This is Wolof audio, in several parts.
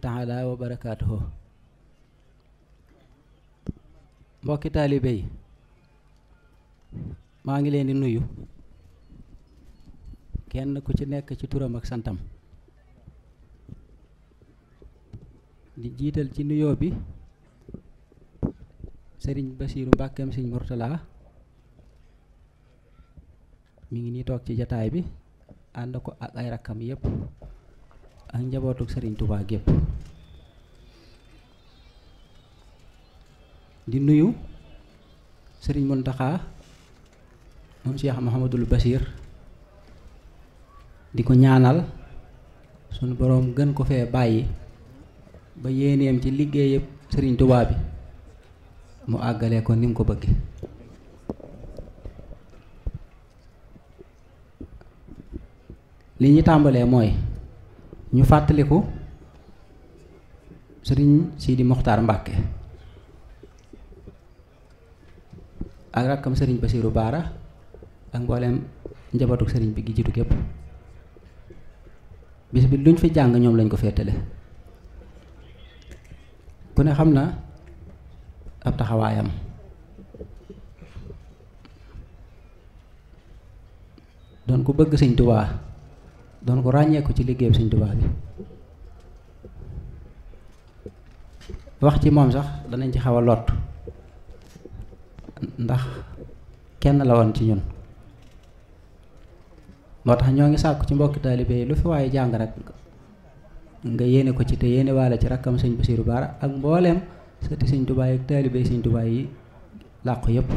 taala wa barakaatuhu mbokki taalibe yi maa ngi leen di nuyu kenn ku ci nekk ci turam ak santam di jiital ci nuyoo bi sëriñ Basiiru Mbàkkeem sëriñ Murtala mi ngi nii toog ci jataay bi ànd ko ak ay rakkam yépp ak njabootuk Serigne Touba gépp di nuyu Serigne Mountakha moom Cheikh Mouhamadul Basir. di ko ñaanal sunu borom gën ko fee bàyyi ba yéeneem ci liggéey yëpp Serigne Touba bi mu àggale ko nim ko bëgge li tàmbalee ñu fàttaliku sëriñ Sidi Mokhtar mbake ak rakkam sëriñ Basiru Baara ak mbooleem njabootu sëriñ bi gi jitu gépp bis bi luñ fi jàng ñoom lañ ko féetale ku ne xam ab taxawaayam doon ku bëgg sëñ doon ko ràññeeku ci liggéey bi Sëñ bi wax ci moom sax danañ ci xaw a lott ndax kenn la woon ci ñun moo tax ñoo ngi sàkku ci mbokki taalibe yi lu fi waaye jàng rek nga yéene ko ci te yéene waale ci rakkam Sëñ Basiiru baar ak mbooleem sëti Sëñ Tuubaa yi ak taalibe Sëñ Tuubaa yi làqu yépp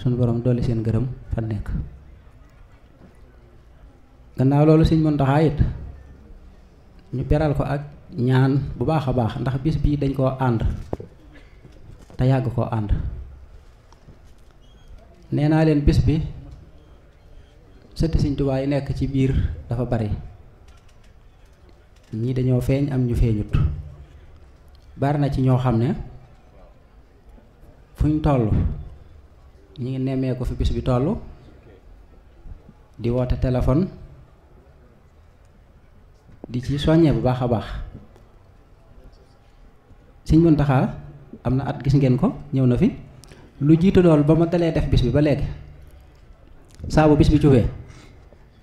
suñu boroom dolli seen gërëm fa nekk gannaaw loolu sëñ Muntaxa it ñu beral ko ak ñaan bu baax a baax ndax bis bii dañ koo ànd te yàgg koo ànd nee naa leen bis bi sëtt sëñ Tuubaa yi nekk ci biir dafa bari ñii dañoo feeñ am ñu feeñut bari na ci ñoo xam ne fu ñu toll ñu ngi nemmee ko fi bis bi toll di woote téléphone di ci soññee bu baax a baax Sëñ Muntaxa am na at gis ngeen ko ñew na fi lu jitu dool bama ma def bis bi ba sa bu bis bi jubee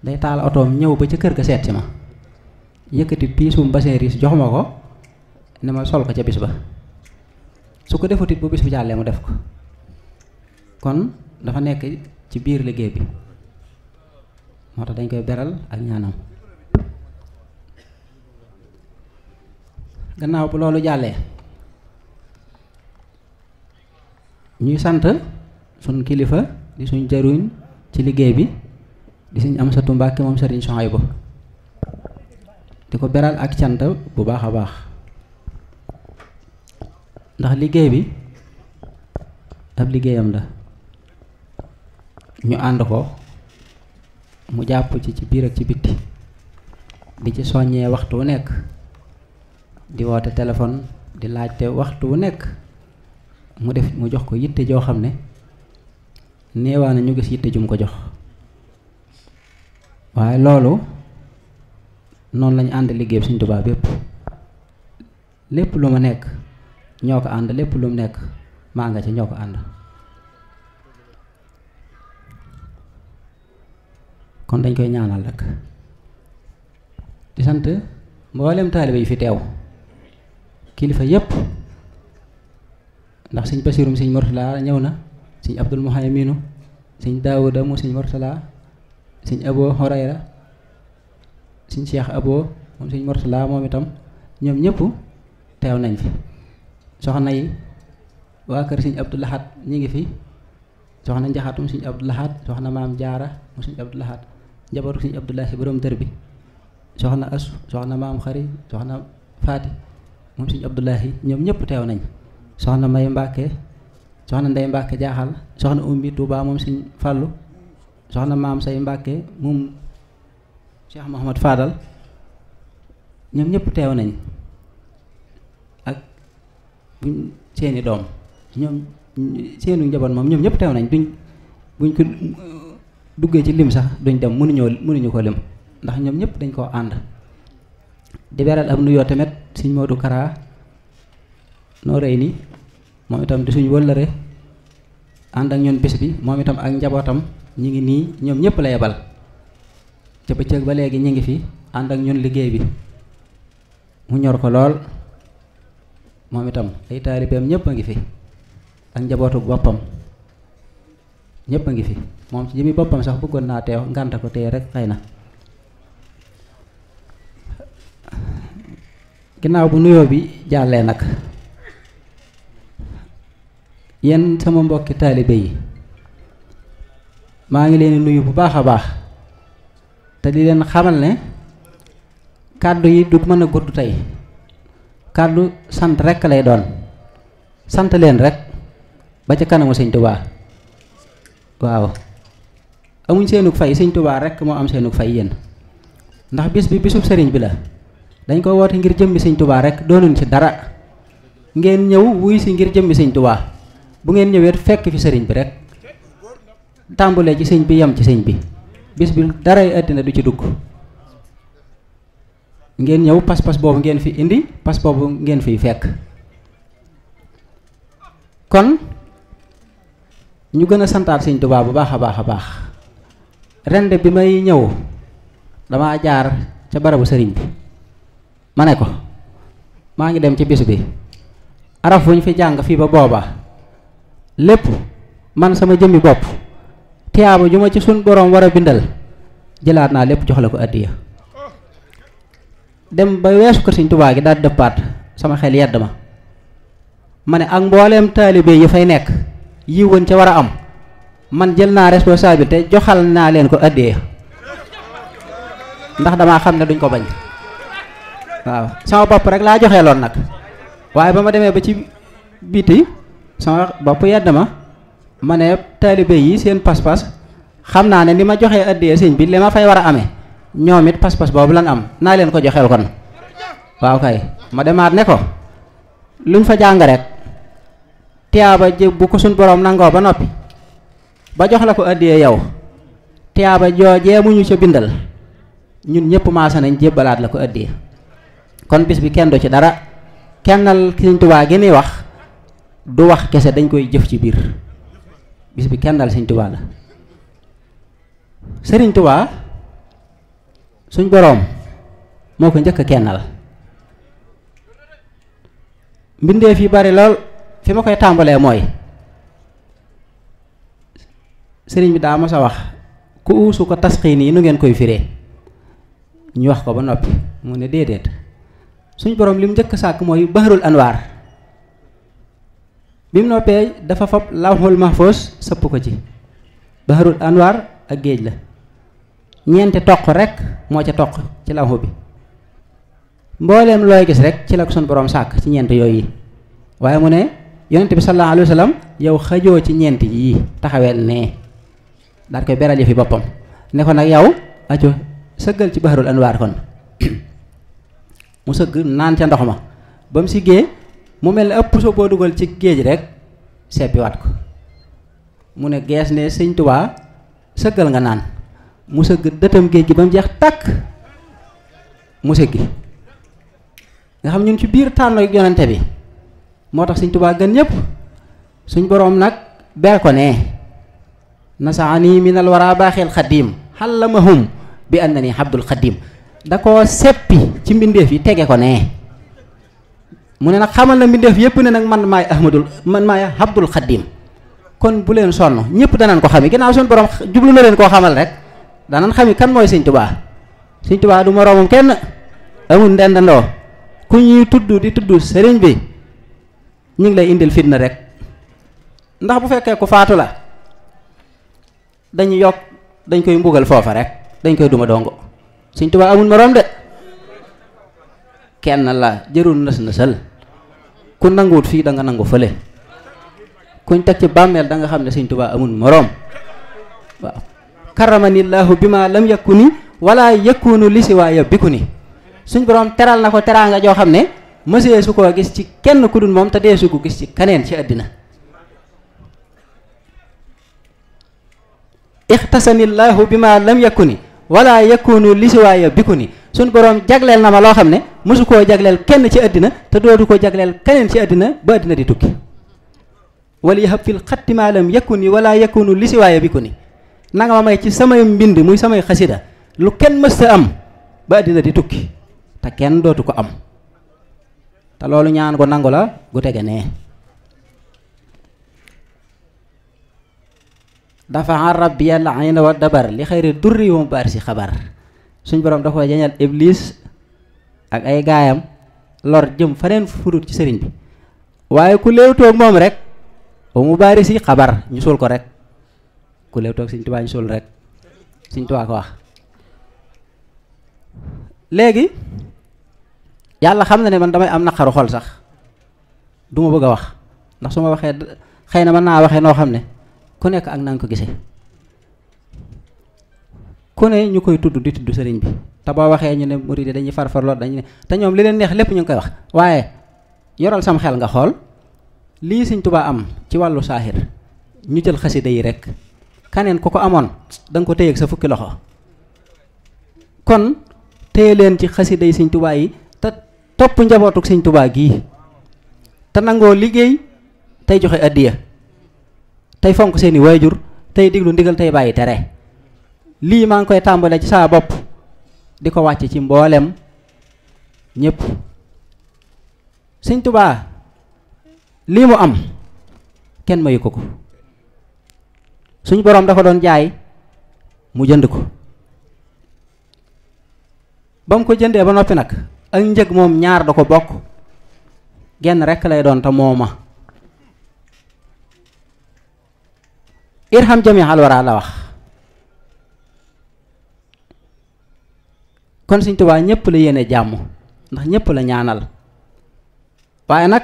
day taal auto ñew ba ci kër ga seet ma yëkëti piisum bassin ris jox ma ne ma sol ko ci bis ba su ko defatit bu bis bi jallé mu def ko kon dafa nekk ci biir liggéey bi moo tax dañ koy beral ak ñaanam gannaaw bu loolu jàllee ñuy sant sun kilifa di suñ jëruñ ci liggéey bi di suñ am satu Mbàkke moom Sëriñ bo di ko beral ak cant bu baax a baax ndax liggéey bi ab liggéeyam la ñu ànd ko mu jàpp ci ci biir ak ci bitti di ci soññee waxtu wu nekk di woote téléphone di laajte waxtu wu nekk mu def mu jox ko yitte joo xam ne néewaana ñu gis yitte jum ko jox waaye loolu noonu lañu ànd liggéey bi Sëñ Tuubaa bépp lépp lu ma nekk ñoo ko ànd lépp lum nekk maa nga ci ñoo ko ànd kon dañ koy ñaanal rek di sant mboolem taalibe yi fi teew kilifa yépp ndax sëñ basirum sëñ mortala ñëw na sëñ abdul muhayminu sëñ daawuda mu siñ mortala sëñ abo horayra sëñ cheikh abo moom sëñ mortala moom itam ñoom ñëpp teew nañ fi soxna yi waa kër sëñ abdul laxaat ñi ngi fi soxna njaxaatum sëñ abdul laxaat soxna maam jaara mu sëñ abdul laxaat njabootu sëñ abdulaahi borom dër bi soxna asu soxna maam xari soxna faati moom sëñ Abdoulahi ñoom ñëpp teew nañ soxna May Mbàkke soxna Ndey Mbàkke jaaxal soxna Umbi Touba moom sëñ Fàllu soxna Maam Say Mbàkke moom Cheikh Mouhamad Fadal ñoom ñëpp teew nañ ak buñ seeni doom ñoom seenu njaboot moom ñoom ñëpp teew nañ duñ buñ ko duggee ci lim sax duñ dem mënuñoo mënuñu ko lim ndax ñoom ñëpp dañ koo ànd di beral ab nuyoo tamit sëñ do Kara no ni mom itam di suñu wëllëre eh. andang ak ñun bis bi mom itam ak njabotam ñi ngi ni ñom ñepp la yebal ca bëccëg ba legi ñi ngi fi and ak ñun liggey bi mu ñor ko lol mom itam ay talibem ñepp a ngi fi ak njabotu bopam ñepp fi mom ci jëmi bopam sax bëggon naa teew ngant ko tey rek xëy ginnaaw bu nuyoo bi jàllee nag yenn sama mbokki taalibe yi maa ngi leen nuyu bu baax a baax te di leen xamal ne kàddu yi du mën a gudd tey kàddu sant rekk lay doon sant leen rek ba ca kanamu sëñ tubaa waaw amuñ seenug fay sëñ tubaa rekk moo am seenug fay yéen ndax bis bi bisub sëriñ bi la dañ ko woote ngir jëmmi sëñ tubaa rek doonuñ ci dara ngeen ñëw wuy si ngir jëmmi sëñ tubaa bu ngeen ñëwee fekk fi sëriñ bi rek tàmbulee ci sëñ bi yem ci sëñ bi bis bi daray àddina du ci dugg ngeen ñëw pas-pas boobu ngeen fi indi pas boobu ngeen fiy fekk kon ñu gën a santaat sëñ tubaa bu baax a baax a baax rende bi may ñëw damaa jaar ca barabu sëriñ bi mané ko ma ngi dem ci bisu bi araf buñ fibo fi jang fi ba booba lepp man sama jëmmi bop tiyabu juma ci sun borom wara bindal jëlaat na lepp jox ko adiya dem ba wessu ko Sëñ Tuubaa gi daal part sama xel yedduma mané ak mbolem talibé yi fay nek yi won ci wara am man jël na responsabilité joxal na len ko adiya ndax dama xamne duñ ko bañ waaw sama bopp rek laa joxee loon nag waaye ba ma demee ba ci biti sama bopp yedd ma ma ne taalibe yi seen pas-pas xam naa ne ni ma joxee addiyee sëñ bi li ma fay war a amee ñoom it pas-pas boobu lan am naa leen ko joxeel kon waaw kay ma demaat ne ko luñ fa jàng rek tiyaaba ji bu ko suñ boroom nangoo ba noppi ba jox la ko addiyee yow tiyaaba joojee mu ñu ca bindal ñun ñëpp maasa nañ jébbalaat la ko addiyee kon bis bi kenn do ci dara kennal Sëriñ touba gi ni wax du wax kese dañ koy jëf ci bir bis bi kennal Sëriñ touba la Sëriñ touba suñ borom moko ñëk kennal mbinde fi bari lol fi makoy tambalé moy mooy bi da ma sa wax ku usu ko tasxiin nu ngeen koy firé ñu wax ko ba noppi mu ne dedet suñ borom lim jëkk sàkk mooy bahrul Anwar. bim noppee dafa fab lawhul mahfos sëpp ko ci bahrul Anwar ak géej la ñeenti toq rek moo ca toq ci lawhu bi mbooleem looy gis rek ci la ko sun borom sàkk ci ñeent yooyu waaye mu ne yonent bi sallallahu alayhi wasallam yow xajoo ci ñeent yi taxaweel nee daal koy beral yëfi boppam ne ko nag yow aco sëggal ci bahrul Anwar kon mu sëgg naan ca ndox ma ba mu siggee mu mel ne ëpp soo boo dugal ci géej rek seppiwaat ko mu ne gees ne sëñ tuba sëggal nga naan mu sëgg dëtam géej gi ba mu jeex tàkk mu sëgg nga xam ñun ci biir ak yonente bi moo tax sëñ tuba gën ñëpp suñ borom nag ber ko ne nasaani baaxil xadim bi annani abdul xadim da koo seppi ci mbindeef yi tege ko nee mu ne nag xamal na mbindeef yépp ne nag man maay ahmadul man maay abdul xaddim kon bu leen sonn ñëpp danañ ko xami ginnaaw soon borom jublu na leen koo xamal rek danañ xami kan mooy sëñ tubaa sëñ tubaa du moroomam kenn amul ndendandoo ku ñuy tudd di tudd sëriñ bi ñu ngi lay indil fitna rek ndax bu fekkee ku faatu la dañu yokk dañ koy mbugal foofa rek dañ koy duma dongo sëñ Tuubaa amul morom de kenn la jërul nës nësal ku nanguwut fii da nga nangu fële kuñ teg ci bàmmeel da nga xam ne sëñ Tuubaa amul morom waaw karamanillahu bi ma lam yëkku ni wala yëkkunu li si waaya ni suñ borom teral na ko teraanga joo xam ne mësee su koo gis ci kenn ku dul moom te dee su ko gis ci keneen ci àddina ixtasanillahu bi ma lam yëkku ni wala yakunu lisiwaay si waaya biku ni suñ boroom jagleel na ma loo xam ne mosu koo jagleel kenn ci àddina te dootu ko jagleel keneen ci àddina ba àddina di tukki wala yahab fil xatti ma lam wala yakunu li si ni nanga ma may ci samay mbind muy samay xasida lu kenn mësta am ba àddina di tukki te kenn dootu ko am te loolu ñaan ko nangu la gu tege nee dafa rabbi yàlla ayna wa dabar li khairi durri wa bar si khabar suñ borom dafa jagnal iblis ak ay gayam lor jëm faneen furut ci serigne bi waye ku lew tok mom rek o mu baari si khabar ñu suul ko rek ku lew tok suñ tubaa ñu suul rek suñ tubaa ko wax legi yalla xam na ne man damay am nak xol sax duma bëgg wax ndax suma waxe xeyna man na waxe no xamne ku nekk ak nanga ko gisee ku ne ñu koy tudd di tudd sëriñ bi te boo waxee ñu ne murid dañuy farfarloo dañuy ne te ñoom li leen neex lépp ñu ngi koy wax waaye yoral sam xel nga xool lii Sëriñ Tuubaa am ci wàllu saaxir ñu jël xasida yi rek kaneen ku ko amoon danga nga ko téyeeg sa fukki loxo kon téye leen ci xasida yi Sëriñ Tuubaa yi te topp njabootuk Sëriñ Tuubaa gii te nangoo liggéey tey joxe addiya tey fonk seeni waajur tey diglu ndigal tey bàyyi tere lii maa ngi koy tàmbalee ci saa bopp di ko wàcc ci mboolem ñépp Sëñ Tuubaa lii mu am kenn mayu ko ko suñu boroom dafa doon jaay mu jënd ko ba mu ko jëndee ba noppi nag ak njëg moom ñaar da ko bokk genn rekk lay doon te mooma irham jami'al wara la wax kon seigne touba ñepp la yene jamm ndax ñepp la ñaanal waye nak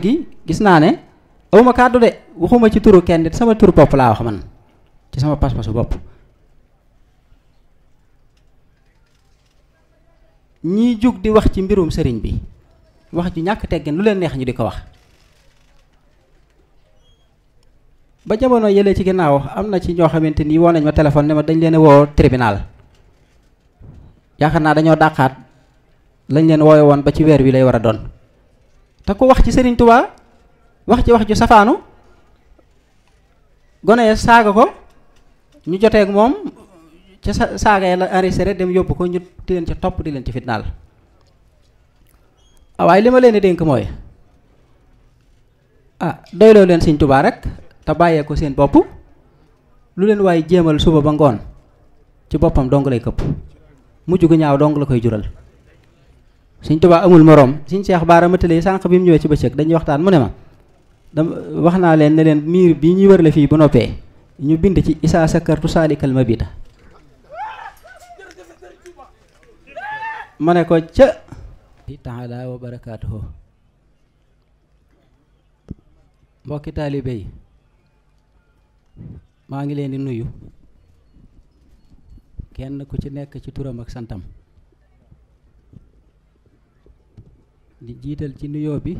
gi gis na ne de waxuma ci turu kenn sama turu bop la wax man ci sama pas passu bop ñi juk di wax ci mbirum serigne bi wax ju ñak teggen lu leen neex ñu diko wax ba jamono yëlee ci ginnaaw am na ci ñoo xamante ni woo nañ ma téléphone ne ma dañ leen woo tribunal yaakaar naa dañoo dàqaat lañ leen woowe woon ba ci weer wi lay war a doon te ku wax ci Serigne Touba wax ci wax ju safaanu gone saaga ko ñu joteek moom ca sa saaga la enregistré dem yóbbu ko ñu di leen ci topp di leen ci fitnaal waaye li ma leen di dénk mooy ah doyloo leen Serigne Touba rek. ta bàyyee ko seen bopp lu leen waaye jéemal suba ba ngoon ci boppam dong lay këpp mujj gu ñaaw dong la koy jural suñ tubaa amul morom suñ cheikh baara matale sànq bi mu ñëwee ci bëccëg dañuy waxtaan mu ne ma dama wax naa leen ne leen miir bi ñuy wërale fii bu noppee ñu bind ci isa sakar tu mabita mabida mané ko ca taala wa barakatuh mbokki maa ngi leen di nuyu kenn ku ci nekk ci turam ak santam di jiital ci nuyoo bi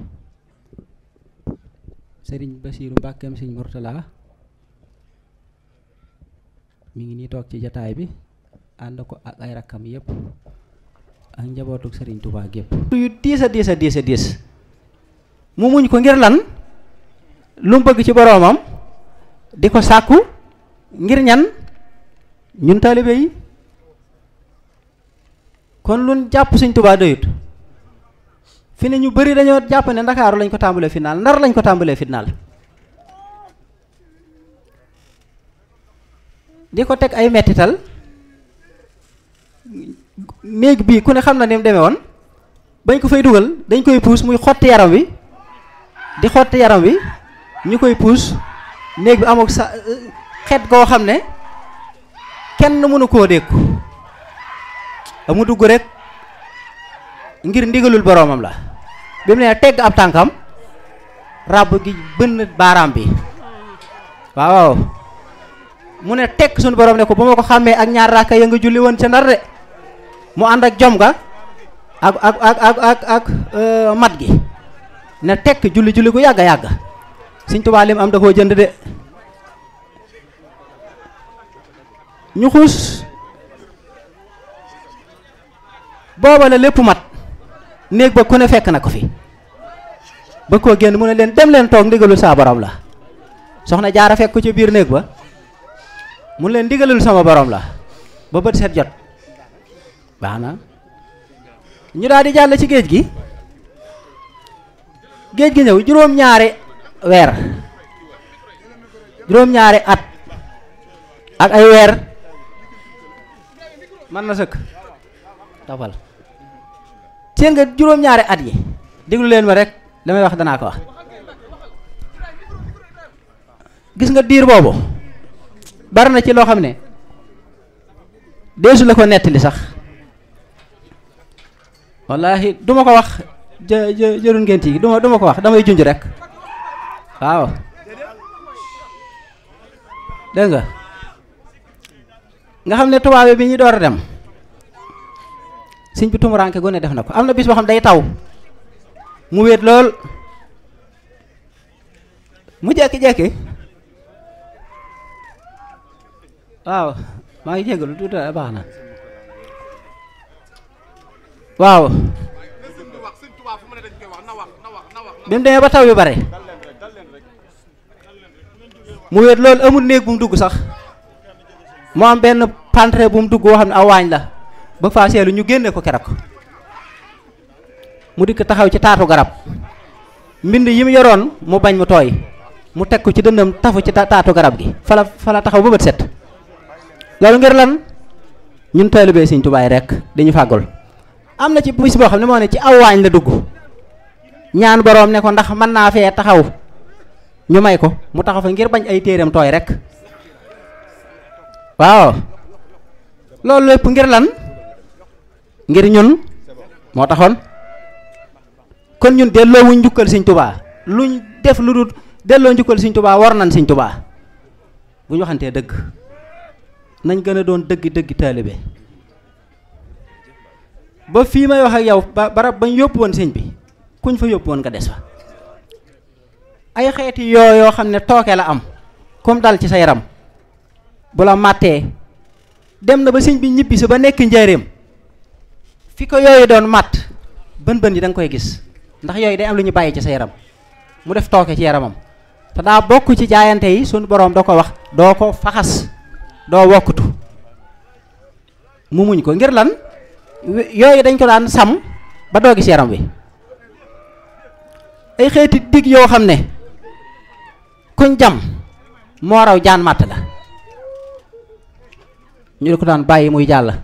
sëriñ Basiiru Mbàkkeem sëriñ Murtala mi ngi nii toog ci jataay bi ànd ko ak ay rakkam yépp ak njabootuk sëriñ Tuubaa gépp yu diis a diis a diis mu muñ ko ngir lan lu mu bëgg ci boroomam di ko sàkku ngir ñan ñun taalibe yi kon lu jàpp Sëñ Tuubaa doyut fi ne ñu bari dañoo jàpp ne ndakaaru lañ ko tàmbalee fitnaal ndar lañ ko tàmbalee fitnaal di ko teg ay mettital néeg bii ku ne xam na ni deme demee woon bañ ko fay dugal dañ koy puus muy xotti yaram wi di xotti yaram wi ñu koy puus néeg bi amul sa euh, xet goo xam ne kenn mënu koo dékku mu dugg rek ngir ndigalul boroomam la bi mu ne tegg ab tànkam ràbb gi bënn baaraam bi waaw mu ne tekk sunu borom ne ko ba ma ko xàmmee ak ñaar raaka ya nga julli woon ca ndar de mu ànd ak jom ga ak ak ak ak ak euh, mat gi ne tekk julli julli gu yàgg a yàgg Sëñ Tuubaa am da koo jënd de ñu xuus booba la lépp mat néeg ba ku ne fekk na ko fi ba koo génn mu ne leen dem leen toog ndigalul saa borom la soxna jaar a fekk ko ci biir néeg ba mu ne leen ndigalul sama borom la ba bët set jot baax ñu daal di jàll ci géej gi géej gi ñëw juróom ñaare wer juroom ñaari at ak ay wer man na sëkk tafal seen nga juroom ñaari at yi déglu leen ma rek damay wax danaa ko wax gis nga diir boobu bari na ci loo xam ne deesu la ko nettali sax wallahi duma ko wax jë jë jërun ngeen duma duma ko wax damay junj rek waaw dégg nga xam ne tubaab bi ñuy door a dem sëñ bi tumuraanke gone def na ko am na bis boo xam day taw mu wéet lool mu jekki-jekki waaw maa ngi jégalu tuuti baax na waaw bi mu demee ba taw yu bare mu wéet loolu amul néeg bu mu dugg sax moo am benn pantre bu mu dugg woo xam ne aw waañ la ba faa seelu ñu génne ko keroog mu dikk taxaw ci taatu garab mbind yi mu yoroon mu bañ mu tooy mu teg ko ci dëndam tafu ci taatu garab gi fala fala taxaw ba bët set loolu ngir lan ñun taalibe Sëñ Tuubaa rek dañu fàggul am na ci bis boo xam ne moo ne ci aw waañ la dugg ñaan boroom ne ko ndax mën naa fee taxaw ñu may ko mu taxaw fa ngir bañ ay téereem tooy rek waaw loolu lépp ngir lan ngir ñun moo taxoon kon ñun delloo wu njukkal Sëñ Tuubaa luñ def lu dul delloo njukkal siñ tubaa war nañ Sëñ Tuubaa bu ñu waxantee dëgg nañ gën a doon dëgg dëgg taalibe ba fii may wax ak yow ba barab bañ yóbbu woon sëñ bi kuñ fa yóbbu woon nga des fa ay xeeti yoo yoo xam ne tooke la am comme dal ci sa yaram bu la màttee dem na ba sëñ bi ñibbi si ba nekk njaareem fi ko yooyu doon màtt bën bën yi da koy gis ndax yooyu de am lu ñu bàyyi ci sa yaram mu def tooke ci yaramam te daa bokk ci jaayante yi suñu boroom da ko wax doo ko faxas doo wokkutu mu muñ ko ngir lan yooyu dañ ko daan sàmm ba doo gis yaram wi ay xeeti dig yoo xam ne kuñ jam moo raw jaan màtt la ñu di ko daan bàyyi muy jàll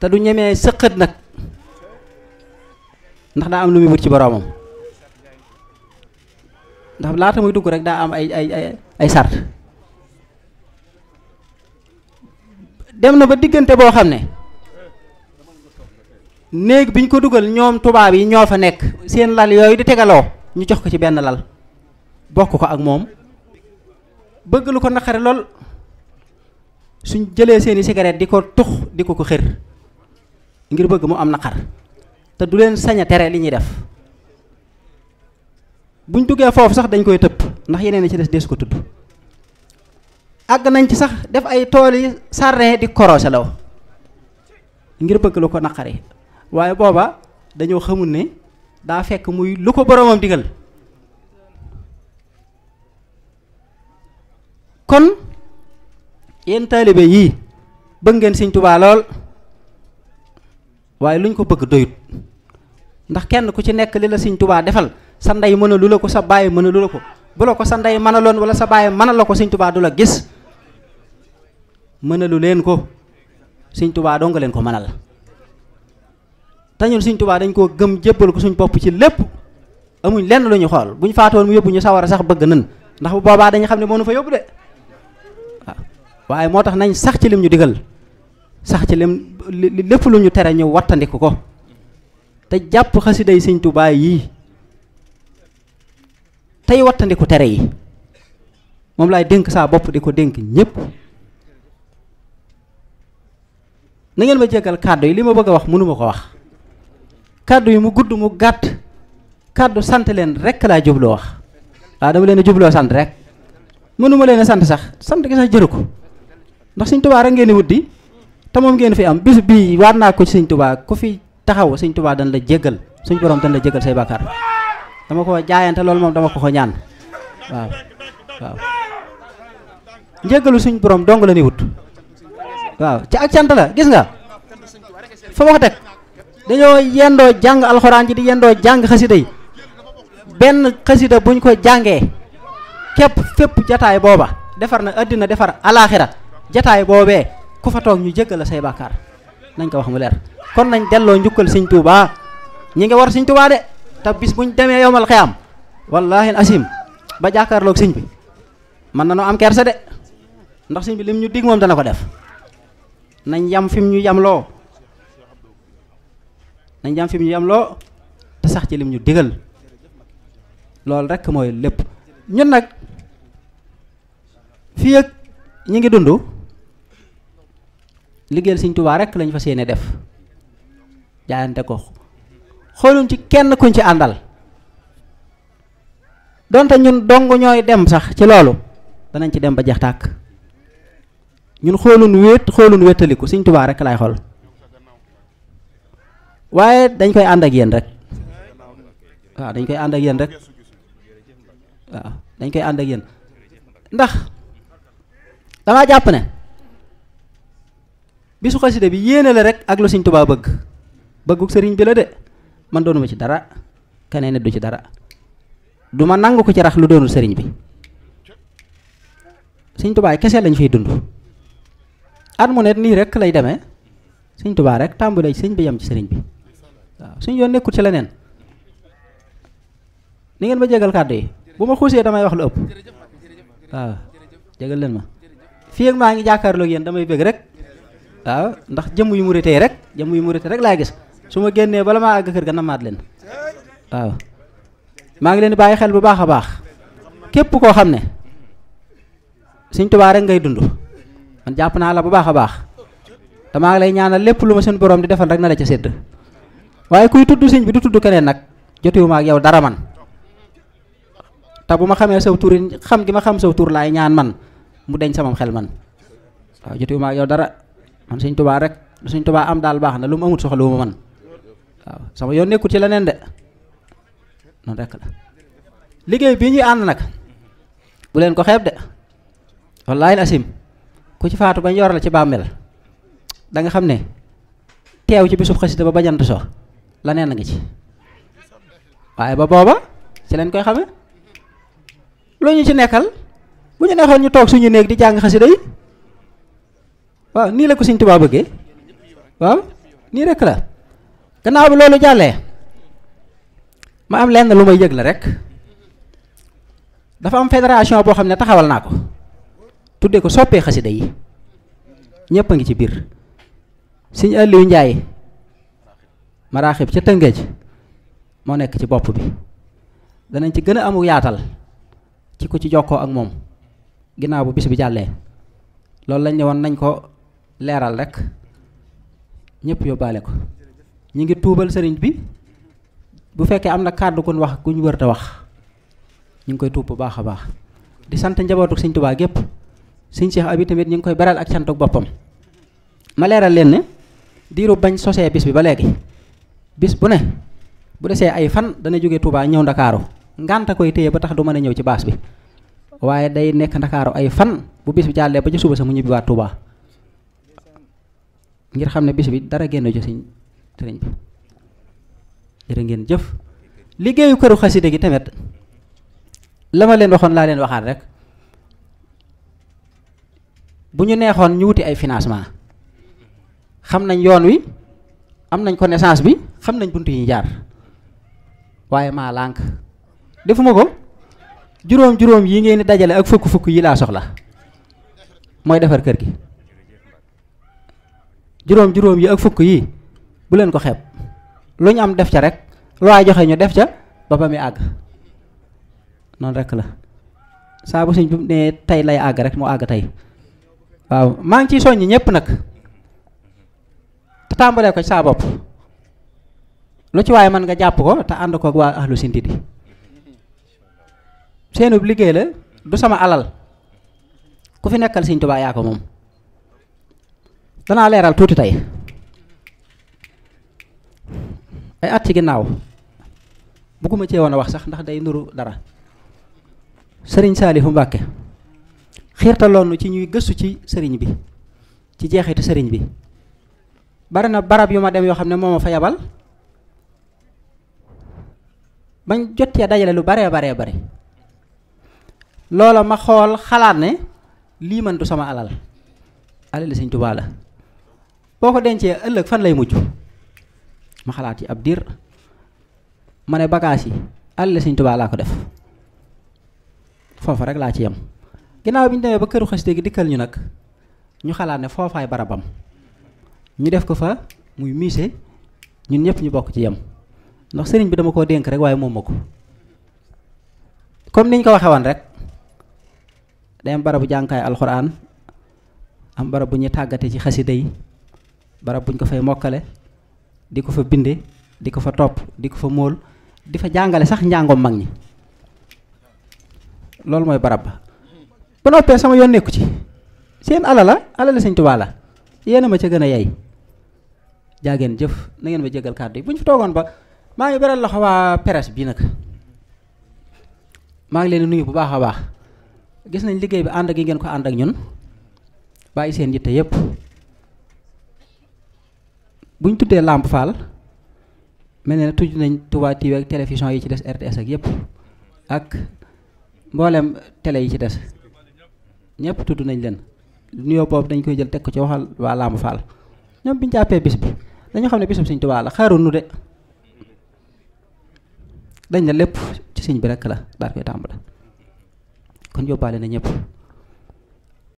te du ñemee sëqat nag ndax daa am lu muy wut ci boroomam ndax laata muy dugg rek daa am ay ay ay ay sart dem na ba diggante boo xam ne néeg bi ñu ko dugal ñoom tubaab yi ñoo fa nekk seen lal yooyu di tegaloo ñu jox ko ci benn lal bokk ko ak moom bëgg lu ko naqare lool suñ jëlee seeni cigarette di ko tux di ko ko xër ngir bëgg mu am naqar te du leen sañ a tere li ñuy def buñ duggee foofu sax dañ koy tëpp ndax yeneen ci des des ko tudd àgg nañ ci sax def ay tool yi di korose law ngir bëgg lu ko naqari waaye booba dañoo xamul ne daa fekk muy lu ko boromam digal kon yéen taalibe yii bëgg ngeen Sëñ Tuubaa lool waaye luñ ko bëgg doyut ndax kenn ku ci nekk li la Sëñ Tuubaa defal sa ndey mën a lu la ko sa baay mën a lu la ko bu la ko sa ndey mën a loon wala sa baay mën a ko Sëñ du la gis mën lu leen ko Sëñ Tuubaa doo nga leen ko mënal te ñun Sëñ Tuubaa dañ koo gëm jébbal ko suñ bopp ci lépp amuñ lenn lu ñu xool buñ faatoon mu yóbbu ñu sawara sax bëgg nan ndax bu boobaa dañu xam ne moo fa yóbbu de waaye moo tax nañ sax ci lim ñu digal sax ci lim lépp lu ñu tere ñu wattandiku ko te jàpp xasida yi sëñ Tuubaa yi tey wattandiku tere yi moom laay dénk saa bopp di ko dénk ñépp na ngeen ma jéggal kàddu yi li ma bëgg a wax mënuma ko wax kàddu yi mu gudd mu gàtt kàddu sant leen rek laa jubloo wax waaw dama leen a jubloo sant rek mënuma leen a sant sax sant gi sax jëru ko ndax seigne touba rek ngeen di wuddi te moom ngeen fi am bis bi war naa ko ci sëñ tubaa ku fi taxaw seigne touba dañ la jéggal suñ borom dañ la jéggal say bakkar dama ko jaayante loolu moom dama ko ko ñaan waaw waaw njéggalu suñ borom dong la ni wut waaw ci ak cant la gis nga fa wax tek dañoo yendoo jàng alxuraan ji di yendoo jàng xasida yi benn xasida buñ ko jàngee képp fépp jataay booba defar na àddina defar alaaxira jataay boobee ku fa toog ñu jéggal la say bàkkaar nañ ko wax mu leer kon nañ delloo njukkal sëñ Tuubaa ñi ngi war sëñ Tuubaa de te bis buñ demee yowmal xiyaam wallaahi asim ba jàkkaarloog siñ bi mën na noo am kersa de ndax sëñ bi lim ñu dig moom dana ko def nañ yam fim ñu yam loo nañ yam fi ñu yam loo te sax ci lim ñu digal loolu rek mooy lépp ñun nag fii ak ñi ngi dund liggéeyal Sëñ Tuubaa rek lañ fas yéene def jaayante ko xooluñ ci kenn kuñ ci àndal donte ñun dong ñooy dem sax ci loolu danañ ci dem ba jeex tàkk ñun xoolun wéet xoolun wéetaliku Sëñ Tuubaa rek laay xool waaye dañ koy ànd ak rek waaw dañ koy ànd ak yéen dañ koy ànd ak ndax dama jàpp ne. bisu xasida bi yéene la rek ak lu Sëriñ Tuubaa bëgg bëgguk sëriñ bi la de man doonuma ci dara keneen du ci dara du ma nangu ko ci rax lu doonul sëriñ bi Sëriñ Tuubaa kese lañ fiy dund at mu nii rek lay deme Sëriñ Tuubaa rek tàmbalee sëriñ bi yem ci sëriñ bi waaw suñu yoon nekkul ci leneen ni ngeen ma jégal kàddu yi bu ma xuusee damay wax lu ëpp waaw jégal leen ma fii maa ngi jàkkaarloog yéen damay bëgg rek. waaw ndax jëmm yu mu rëtee rek jëmm yu mu rëtee rek laay gis su ma génnee bala maa àgg kër ga namaat leen waaw maa ngi leen di bàyyi xel bu baax a baax képp koo xam ne Sëñ Tuubaa rek ngay dund man jàpp naa la bu baax a baax te ngi lay ñaanal lépp lu seen borom di defal rek na la ca sedd waaye kuy tudd sëñ bi du tudd keneen nag jotewu ma ak yow dara man te bu ma xamee saw tour xam gi ma xam saw tour laay ñaan man mu deñ sama xel man waaw jotewu ak yow dara man sëñ tubaa rek sëñ tubaa am dal bax na lu mu amut man sama yoon nekkul ci lenen de non rek la liggéey bii ñuy ànd bu len ko xeb de wallahi asim ku ci faatu bañ yor la ci bammel da nga xamne tew teew ci bisub xasida ba bañant so la neen nga ci waye ba boba ci len koy xame lu ñu ci nekkal bu ñu neexoon ñu tok suñu neeg di jang yi waaw nii la ko sëñ Tuubaa bëggee waaw nii rek la gannaaw bi loolu jàllee ma am lenn lu may yëg la rek dafa am fédération boo xam ne taxawal naa ko tuddee ko soppee xasida yi ñëpp a ngi ci biir sëñ Aliou Ndiaye maraaxib ca Tëngéej moo nekk ci bopp bi danañ ci gën amu yaatal ci ko ci jokkoo ak moom ginnaaw bu bis bi jàllee loolu lañ ne nañ ko leeral rek ñëpp yóbbaale ko ñu ngi tuubal sëriñ bi bu fekkee am na kàddu kon wax ku ñu te wax ñu ngi koy tuub bu baax a baax di sant njabootu sëñ Tuubaa gépp sëñ Cheikh Abi tamit ñu ngi koy beral ak cantuk boppam ma leeral leen ne diiru bañ sosee bis bi ba léegi bis bu ne bu desee ay fan dana jóge Touba ñëw ndakaaru ngànta koy téye ba tax du mën a ñëw ci baas bi waaye day nekk ndakaaru ay fan bu bis bi jàllee ba ci suba sa mu ñibbiwaat Touba ngir xamne bis bi dara genn jo señ señ bi dara genn jëf liggéeyu këru xaside gi tamet lama ma leen waxoon laa leen waxaat rek bu ñu neexoon ñu wuti ay financement xam nañ yoon wi am nañ connaissance bi xam nañ bunt yi jaar waaye maa lànk defuma ko juróom-juróom yi ngeen di dajale ak fukk-fukk yi laa soxla mooy defar kër gi juróom juróom yi ak fukk yi bu leen ko xeb lu ñu am def ca rek lu joxe ñu def ca ba ba muy àgg noonu rek la saa bu sëñ bu ne tey lay àgg rek moo àgg tey waaw maa ngi ciy soññi ñëpp nag te tàmbalee ko ci saa bopp lu ci waaye man nga jàpp ko te ànd ko waa ahlu sintidi seenub liggéey la du sama alal ku fi nekkal sëñ Tuubaa yaa ko moom danaa leeral tuuti tey ay at ci ginnaaw bëgguma cee woon a wax sax ndax day nuru dara sëriñ Saalihu Mbàkke xiirtaloon ci ñuy gëstu ci sëriñ bi ci jeexitu sëriñ bi bari na barab yu ma dem yoo xam ne moo ma fa yabal bañ jot cee dajale lu baree baree bare loola ma xool xalaat ne lii man du sama alal alali Sëriñ Tuubaa boo ko dencee ëllëg fan lay mujj ma xalaat yi ab diir ma ne bagages yi àll Sëñ Tuubaa laa ko def foofa rek laa ci yem ginnaaw bi ñu demee ba këru xasida gi dikkal ñu nag ñu xalaat ne foofaay barabam ñu def ko fa muy musée ñun ñëpp ñu bokk ci yem ndax sëriñ bi dama koo dénk rek waaye moom ma ko comme niñ ko waxee woon rek day am barabu jànkaay alxuraan am bu ñu tàggatee ci xasida yi barab buñ ko fay di fa bindé di fa top, di fa mol di fa jàngale sax njàngoom magni lol moy barab ba no pé sama yonéku ci seen alala alala seigne touba la yéna ma ci gëna a yey jaageen jëf na ngeen ma jéggal kàddu buñ bu ñu fi toogoon ba ma ngi beral loxo waa presse bii nag ngi leen nuyu bu baaxa baax gis nañ liggéey bi and ak ngeen ko and ak ñun bàyyi seen yitte yépp bu ñu tuddee Lamp Fall mel ne tudd nañ Touba TV ak yi ci des RTS ak yëpp ak mboolem tele yi ci des ñëpp tudd nañ leen nuyoo boobu dañ koy jël teg ko ci waxal waa Lamp Fall ñoom bi ñu jàppee bis bi dañu xam ne bisub Sëñ Touba la xaarunu de dañ na lépp ci sëñ bi rek la daal koy tàmbale kon yóbbaale na ñëpp.